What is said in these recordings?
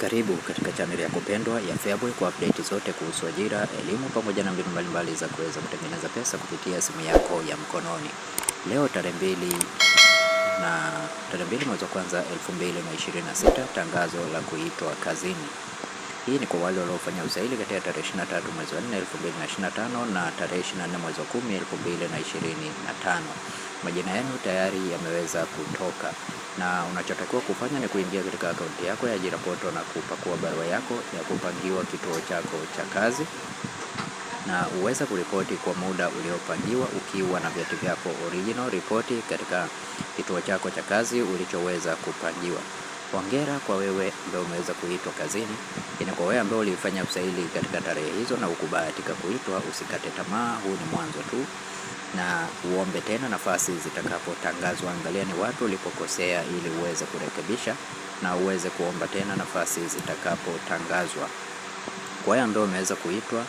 Karibu katika chaneli yako pendwa ya Feaboy kwa update zote kuhusu ajira, elimu pamoja na mbinu mbalimbali za kuweza kutengeneza pesa kupitia simu yako ya mkononi. Leo tarehe mbili na tarehe mbili mwezi wa kwanza 2026 tangazo la kuitwa kazini. Hii ni kwa wale waliofanya usaili kati ya tarehe 23 mwezi wa 4 2025 na tarehe 24 mwezi wa 10 2025. Majina yenu tayari yameweza kutoka na unachotakiwa kufanya ni kuingia katika akaunti yako ya ajira portal na kupakua barua yako ya kupangiwa kituo chako cha kazi na uweza kuripoti kwa muda uliopangiwa ukiwa na vyeti vyako original. Ripoti katika kituo chako cha kazi ulichoweza kupangiwa. Hongera kwa wewe ambaye umeweza kuitwa kazini. Ina yaani kwa wewe ambaye ulifanya usaili katika tarehe hizo na ukubahatika kuitwa, usikate tamaa, huu ni mwanzo tu, na uombe tena nafasi zitakapotangazwa. Angalia ni watu ulipokosea, ili uweze kurekebisha na uweze kuomba tena nafasi zitakapotangazwa. Kwa wewe ambaye umeweza kuitwa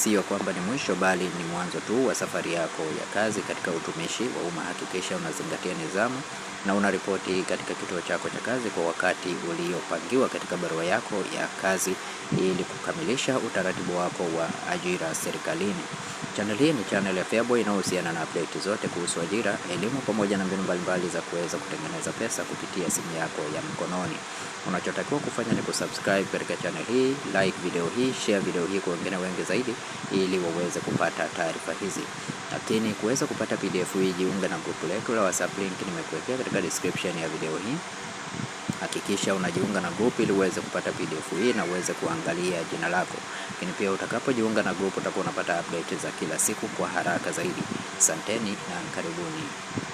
Sio kwamba ni mwisho, bali ni mwanzo tu wa safari yako ya kazi katika utumishi wa umma. Hakikisha unazingatia nidhamu na unaripoti katika kituo chako cha kazi kwa wakati uliopangiwa katika barua yako ya kazi ili kukamilisha utaratibu wako wa ajira serikalini. Channel hii ni channel ya FEABOY inayohusiana na update zote kuhusu ajira, elimu pamoja na mbinu mbalimbali za kuweza kutengeneza pesa kupitia simu yako ya mkononi. Unachotakiwa kufanya ni kusubscribe katika channel hii, like video hii, share video hii kwa wengine wengi zaidi ili waweze kupata taarifa hizi. Lakini kuweza kupata PDF hii, jiunge na grupu letu la WhatsApp, link nimekuwekea katika description ya video hii. Hakikisha unajiunga na grupu ili uweze kupata PDF hii na uweze kuangalia jina lako lakini pia utakapojiunga na grupu utakuwa unapata update za kila siku kwa haraka zaidi. santeni na karibuni.